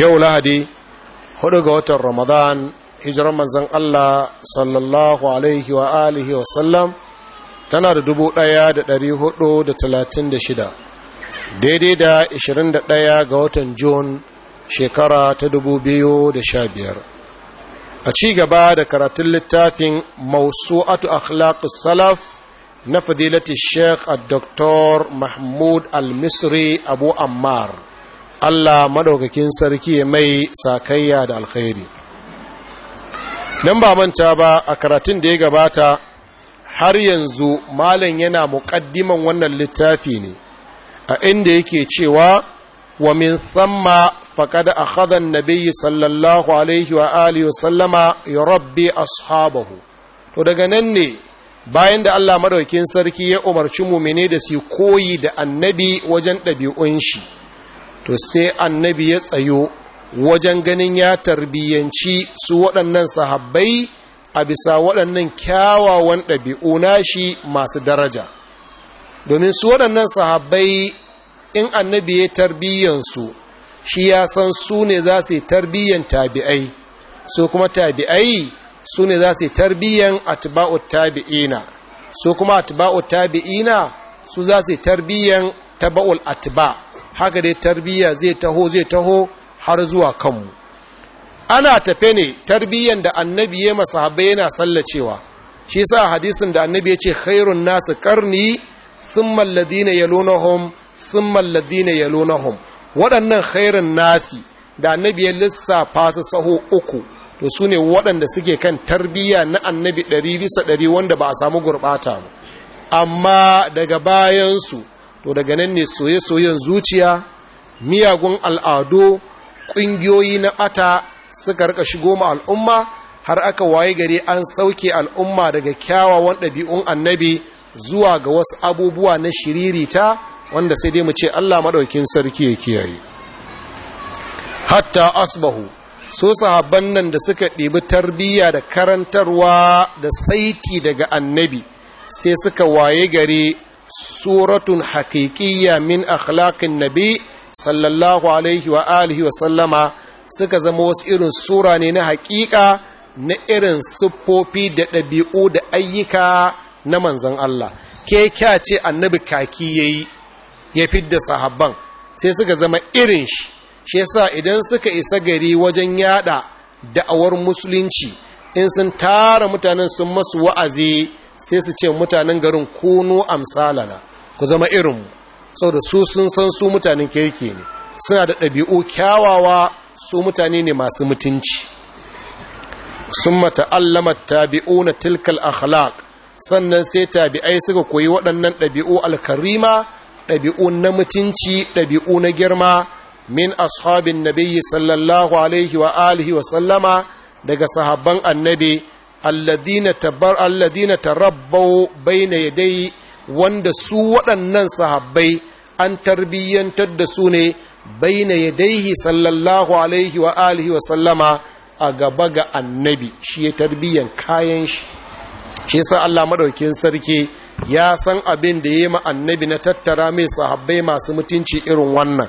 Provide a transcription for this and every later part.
yau lahadi hudu ga watan ramadan hijirar manzan Allah sallallahu alaihi wa alihi wa sallam tana da dubu daya da dari hudu da talatin da shida daidai da ishirin da daya ga watan jun shekara ta dubu biyu da sha biyar a ci gaba da karatun littafin mausu'atu akhlaqus salaf na fadilati sheikh a Doktor mahmud al-misri abu ammar Allah madaukakin sarki ya mai sakayya da alkhairi dan ba manta ba a karatun da ya gabata har yanzu malam yana muqaddiman wannan littafi ne a inda yake cewa wa min thamma faqad akhadha an-nabiy sallallahu alaihi wa alihi wa sallama ashabahu to daga nan ne bayan da Allah madaukakin sarki ya umarci mumine da su koyi da annabi wajen ɗabi'un shi to sai annabi ya tsayo wajen ganin ya tarbiyyanci su waɗannan sahabbai a bisa waɗannan kyawawan ɗabi'u shi masu daraja domin su waɗannan sahabbai in annabi ya tarbiyyansu shi ya san su ne za su yi tarbiyyan tabi'ai su kuma tabi'ai su ne za su yi tarbiyyan atba'u tabi'ina su kuma atba'u tabi'ina su za su yi tarbiyyan taba'ul atiba haka dai tarbiyya zai taho zai taho har zuwa kanmu ana tafe ne tarbiyyan da annabi ya masahabai yana sallacewa shi sa hadisin da annabi ya ce khairun nasu karni sun mallazi yalunahum thumma alladhina hom waɗannan khairun nasi da annabi ya lissafa su saho uku to su ne waɗanda suke kan tarbiyya na annabi ɗari bisa ɗari wanda ba a samu gurɓata ba amma daga bayansu to daga nan ne soye-soyen zuciya miyagun al'adu ƙungiyoyi na ɓata suka rika shigo ma al'umma har aka waye gare an sauke al'umma daga kyawawan ɗabi'un annabi zuwa ga wasu abubuwa na shiririta wanda sai dai mu ce Allah maɗaukin sarki ya kiyaye hatta asbahu so sahabban nan da suka ɗibi tarbiyya da karantarwa da saiti daga annabi sai suka waye gare. suratun haƙiƙiyya min akhlaqin nabi sallallahu alaihi wa wa sallama suka zama wasu irin sura ne na haƙiƙa na irin siffofi da ɗabi'u da ayyuka na manzan Allah ke kya ce annabi kaki yayi ya fidda sahabban sai suka zama irin shi shi yasa idan suka isa gari wajen yada da'awar musulunci in sun tara mutanen sun masu wa'azi sai su ce mutanen garin kunu amsalana ku zama irinmu saboda su sun san su mutanen kirki ne suna da ɗabi'u kyawawa su mutane ne masu mutunci sun mata'allama tabi'u na tilkal akhlaq sannan sai tabi'ai suka koyi waɗannan ɗabi'u alkarima ɗabi'u na mutunci ɗabi'u na girma min ashabin nabi sallallahu alaihi wa alihi wa sallama daga sahabban annabi alladina tabar alladina tarabbau baina yadai wanda su waɗannan sahabbai an tarbiyyantar da su ne baina yadaihi sallallahu alaihi wa alihi wa sallama a gaba ga annabi shi ya tarbiyyan kayan shi shi yasa Allah madaukin sarki ya san abin da yayi ma annabi na tattara mai sahabbai masu mutunci irin wannan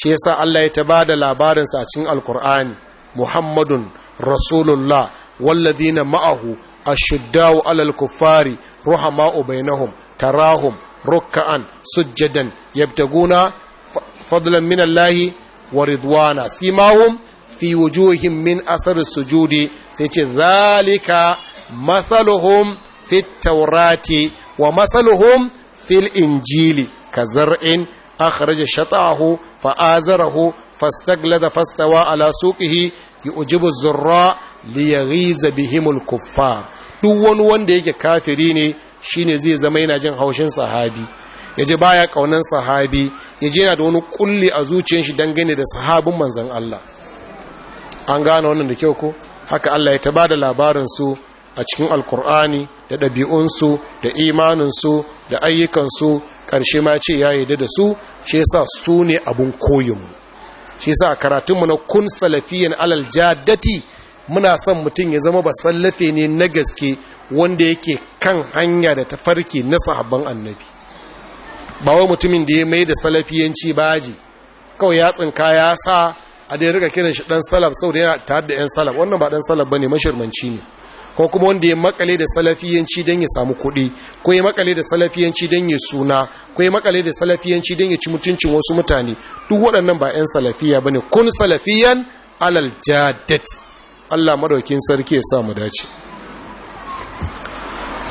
shi sa Allah ya tabada labarin sa cikin alkur'ani muhammadun rasulullah walladina ma'ahu ashuddau alal kuffari ruhama'u bainahum tarahum rukka'an sujjadan yabtaguna fadlan minallahi, allahi wa ridwana simahum fi wujuhim min asar sujudi sai ce zalika mathaluhum fi taurati wa mathaluhum fil injili ka zar'in akhraja shatahu fa azarahu da fastawa ala suqihi yu'jibu zurra li yaghiza bihimul kuffar duk wani wanda yake kafiri ne shine zai zama yana jin haushin sahabi yaje baya kaunan sahabi yaje yana da wani kulli a zuciyar shi dangane da sahabin manzon Allah an gane wannan da kyau ko haka Allah ya taba da labarin su a cikin alkur'ani da ɗabi'unsu da imaninsu da ayyukansu ƙarshe ma ce ya yi da su shi yasa su ne abun koyinmu shi sa karatunmu na kun salafiyan alal jaddati muna son mutum ya zama ba sallafe ne na gaske wanda yake kan hanya da tafarki na sahabban annabi ba wai mutumin da ya mai da salafiyanci baji kawai ya tsinka ya sa a dai rika kiran shi dan salaf sau da yana tare da yan salaf wannan ba dan salaf ne mashirmanci ne ko kuma wanda ya makale da salafiyanci don ya samu kuɗi ko ya makale da salafiyanci don ya suna ko ya makale da salafiyanci don ya ci mutuncin wasu mutane duk waɗannan ba 'yan salafiya ba ne kun salafiyan alal jadat allah madaukin sarki ya sa mu dace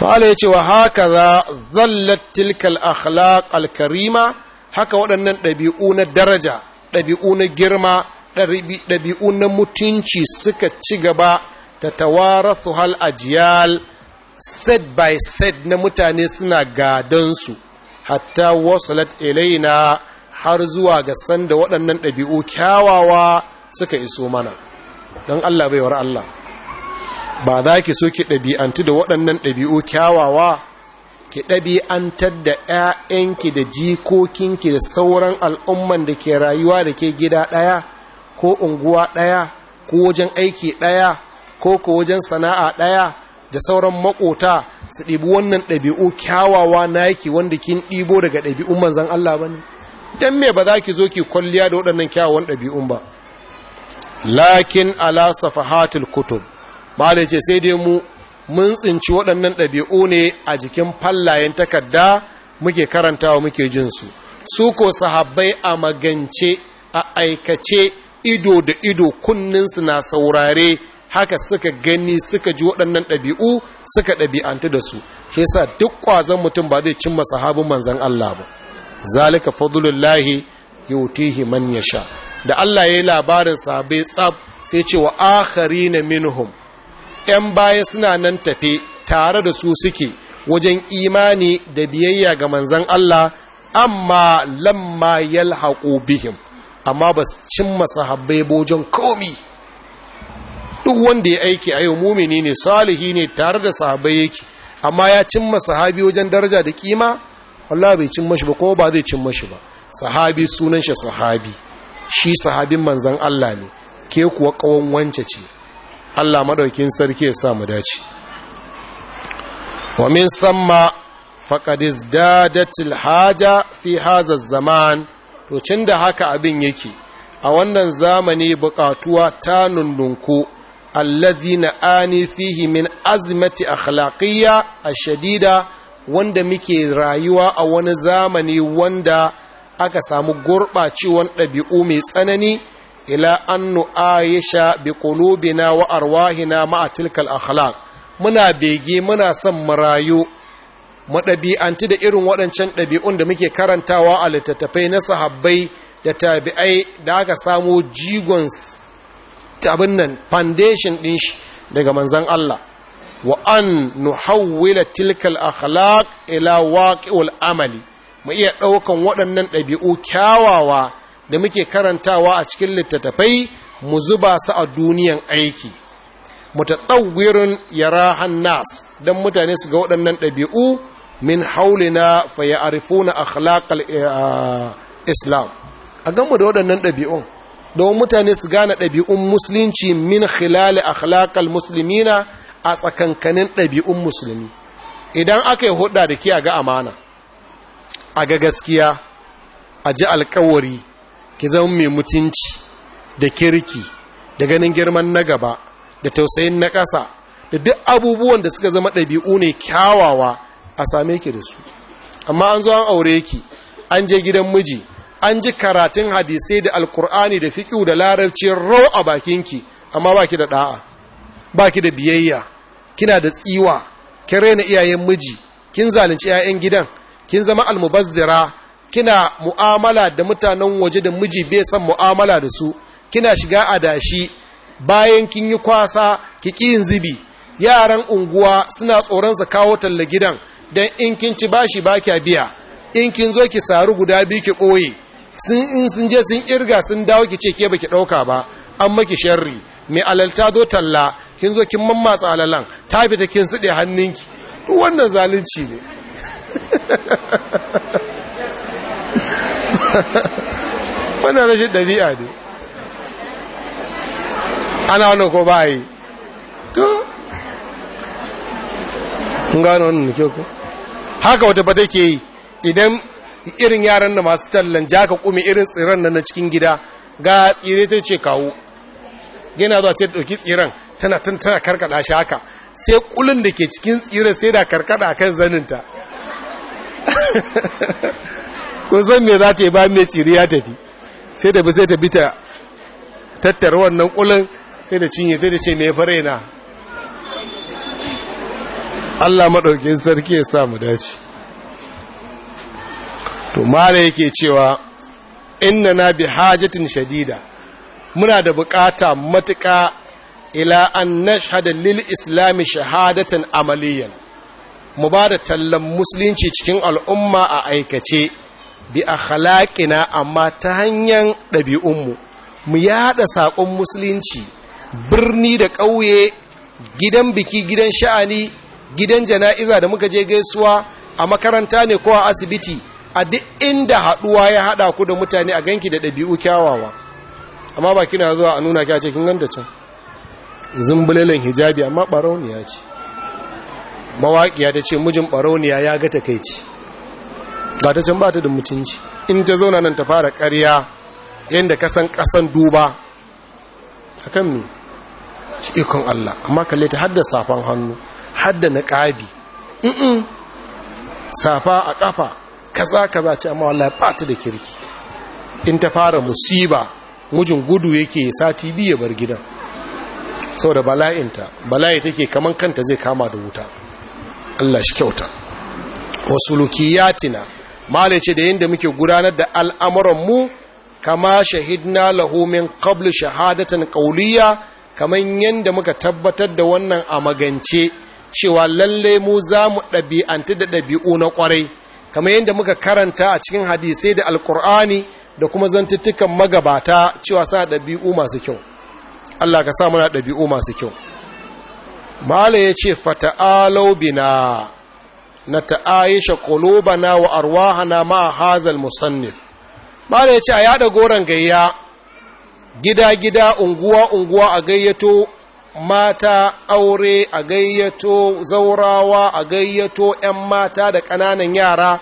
ma'ala ya ce wa haka za zallat tilkal akhlaq alkarima haka waɗannan ɗabi'u na daraja ɗabi'u na girma ɗabi'u na mutunci suka ci gaba tatawarathu hal ajiyal set by set na mutane suna su. hatta wasalat ilaina har zuwa ga sanda waɗannan ɗabi'u kyawawa suka iso mana don Allah baiwar Allah ba za ki so ki ɗabi'antu da waɗannan ɗabi'u kyawawa ki ɗabi'antar da 'ya'yanki da jikokinki da sauran al'umman da ke rayuwa da ke gida ɗaya ko unguwa ɗaya ko wajen aiki ɗaya ko ko wajen sana'a ɗaya da sauran makota su ɗibi wannan ɗabi'u kyawawa naki wanda kin ɗibo daga ɗabi'un manzan Allah ba ne don me ba za ki zo ki kwalliya da waɗannan kyawawan ɗabi'un ba lakin ala safahatul kutub ba da ce sai dai mu mun tsinci waɗannan ɗabi'u ne a jikin fallayen takarda muke karantawa muke jinsu su ko sahabbai a magance a aikace ido da ido kunninsu na saurare haka suka gani suka ji waɗannan ɗabi'u suka ɗabi'antu da su shi sa duk ƙwazon mutum ba zai cimma sahabin manzan Allah ba zalika yau yutihi man sha. da Allah ya yi labarin sabai tsab sai ce wa na minhum Yan baya suna nan tafe tare da su suke wajen imani da biyayya ga manzan Allah amma lamma yalhaqu bihim amma ba su cimma sahabbai bojan komi duk wanda ya aiki a yau mumini ne salihi ne tare da sahabai yake amma ya cimma sahabi wajen daraja da kima Allah bai cimma shi ba ko ba zai cimma shi ba sahabi sunan shi sahabi shi sahabin manzan Allah ne ke kuwa kawon wance ce Allah madaukin sarki ya sa mu dace wa min samma faqad izdadatil haja fi hadha zaman to cin da haka abin yake a wannan zamani bukatuwa ta nundunku allazi na ani fihi min azmati akhlaqiyya a shadida wanda muke rayuwa a wani zamani wanda aka samu gurɓacewan ɗabi'u mai tsanani ila annu aisha bi qulubina wa arwahina ma'a tilkal akhlaq muna bege muna son marayu maɗabi'anti da irin waɗancan ɗabi'un da muke karantawa a littattafai na sahabbai da tabi'ai da aka samo jigon abin nan foundation din shi daga manzan Allah wa an nuhawwila tilkal akhlaq ila waqi'ul amali mu iya ɗaukan waɗannan ɗabi'u kyawawa da muke karantawa a cikin littattafai mu zuba su a duniyan aiki mutadawwirin yarahan nas dan mutane su ga waɗannan ɗabi'u min haulina fa ya'rifuna akhlaqal eh, islam a ganmu da waɗannan ɗabi'un don mutane su gane ɗabi'un musulunci min khilali akhlaqal muslimina a tsakankanin ɗabi'un musulmi idan aka yi hudda da ke a ga amana a ga gaskiya a ji alkawari ki zama mai mutunci da kirki da ganin girman na gaba da tausayin na ƙasa da duk abubuwan da suka zama ɗabi'u ne kyawawa a same ki da su amma an zo an aure ki an je gidan miji an ji karatun hadisai da alkur'ani da fiƙi da larabci rau a bakinki amma ba ki da ɗa'a ba ki da biyayya kina da tsiwa kin raina iyayen miji kin zalunci 'ya'yan gidan kin zama almubazzira kina mu'amala da mutanen waje da miji bai san mu'amala da su kina shiga adashi bayan kin yi kwasa ki ƙin zibi yaran unguwa suna tsoron su kawo talla gidan don in kin ci bashi ba kya biya in kin zo ki saru guda biyu ki ɓoye sun in sun je sun irga sun dawo ki ce ke baki dauka ba an maki sharri mai alalta zo talla kin zo kin mammatsa alalan ta fita kin sude hannunki duk wannan zalunci ne wannan rashin dabi'a ne ana wannan ko ba yi to kun gano wannan ke ko haka wata ba take yi idan irin yaran da masu tallan jaka kume irin tsiran nan na cikin gida ga tsire ta ce kawo yana zuwa ce ɗauki tsiran tana tana karkada shi haka sai kulin da ke cikin tsire sai da karkada kan zaninta ko zan me za ta yi ba mai tsiri ya tafi sai da bi sai ta bi ta tattara wannan kulin sai da cinye sai da ce mai fare na Allah maɗaukin sarki ya sa mu dace to mala yake cewa inna na bi hajatin shadida muna da bukata matuƙa ila an nashhada lil islami shahadatan amaliyan mu ba da tallan musulunci cikin al'umma a aikace bi halakina amma ta hanyar ɗabi'unmu mu yada saƙon musulunci birni da ƙauye gidan biki gidan sha'ani gidan jana'iza da muka je gaisuwa a makaranta ne ko a asibiti a duk inda haɗuwa ya haɗa ku da mutane a ganki da ɗabi'u kyawawa amma ba kina zuwa a nuna kya cikin ganda can zumbulelen hijabi amma ɓarauniya ce mawaƙiya ta ce mijin ɓarauniya ya ga takaici ba ta can ba ta da mutunci in ta zauna nan ta fara ƙarya yadda kasan kasan duba a kan shi ikon Allah amma kalle ta hadda safan hannu hadda na ƙabi safa a ƙafa kaza kaza ce amma wallahi ba ta da kirki in ta fara musiba mujin gudu yake sati biyu ya bar gidan saboda bala'inta bala'i take kaman kanta zai kama da wuta Allah shi kyauta Wasu wasulukiyatina mala ce da yadda muke gudanar da al'amuran mu kama shahidna lahu min qablu shahadatan qawliya kaman yadda muka tabbatar da wannan a magance cewa lalle mu za mu ɗabi'antu da ɗabi'u na ƙwarai kamar yadda muka karanta a cikin hadisai da alkur'ani da kuma zantattukan magabata cewa sa ɗabi'u masu kyau Allah ka sa muna ɗabi'u masu kyau mala ya ce fata'alau bina na ta'ayisha qulubana wa arwahana ma hazal musannif mala ya ce a yada goron gayya gida gida unguwa unguwa a gayyato mata aure a gayyato zaurawa a gayyato 'yan mata da ƙananan yara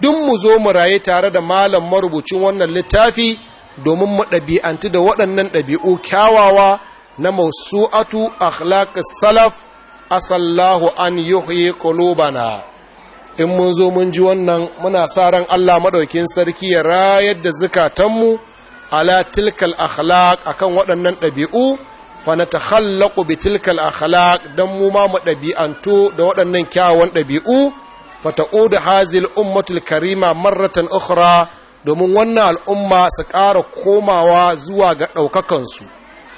duk mu zo mu raye tare da malam marubucin wannan littafi domin mu ɗabi'antu da waɗannan ɗabi'u kyawawa na masuatu, akhlaqis salaf asallahu an yuhyi qulubana in mun zo mun ji wannan muna sa ran Allah maɗaukin sarki ya rayar da zukatanmu ala tilkal akhlaq akan waɗannan ɗabi'u fanatakhallaqu bitilkal akhlaq dan mu ma mu dabi'antu da waɗannan kyawawan dabi'u fataudu hazil ummatul karima marratan ukhra domin wannan al'umma su ƙara komawa zuwa ga ɗaukakan su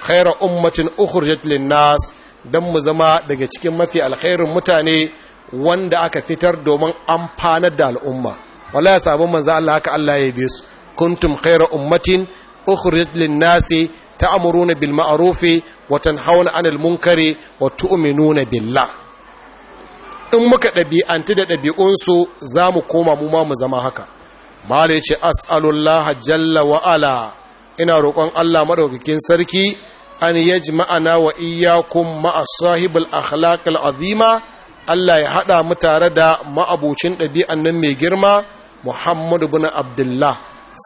khaira ummatin ukhrijat lin nas dan mu zama daga cikin mafi alkhairin mutane wanda aka fitar domin amfanar da al'umma wallahi sabon manzo Allah haka Allah ya yabe su kuntum khaira ummatin ukhrijat lin nasi ta'muruna bil ma'rufi wa tanhauna 'anil munkari wa tu'minuna billah in muka ɗabi'antu da ɗabi'unsu za mu koma mu ma mu zama haka mala ce as'alullah jalla wa ala ina roƙon Allah madaukakin sarki an yajma'ana wa iyyakum ma'a sahibul akhlaqil azima Allah ya haɗa mu tare da ma'abucin ɗabi'a nan mai girma Muhammadu bin Abdullah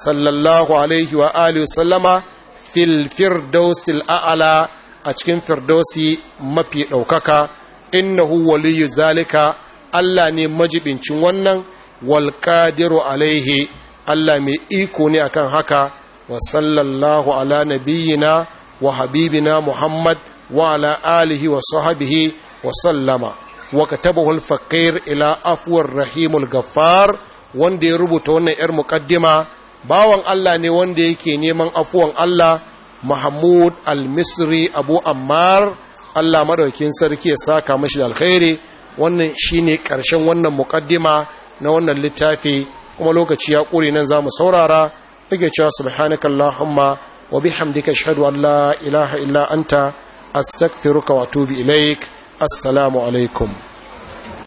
sallallahu alaihi wa alihi sallama fil firdausil a'ala a cikin firdausi mafi ɗaukaka innahu waliyu zalika Allah ne majibincin wannan wal qadiru alaihi Allah mai iko ne akan haka wa sallallahu ala nabiyyina wa habibina Muhammad wa ala alihi wa sahbihi wa sallama wa katabahu al-faqir ila afwar rahimul gaffar wanda ya rubuta wannan yar muqaddima bawan Allah ne wanda yake neman afuwan Allah Mahmud al-Misri Abu Ammar Allah madaukin sarki ya saka mashi da alkhairi wannan shine karshen wannan muqaddima na wannan littafi kuma lokaci ya kure nan zamu saurara muke cewa subhanakallahumma wa bihamdika ashhadu an la ilaha illa anta astaghfiruka wa atubu ilaik assalamu alaikum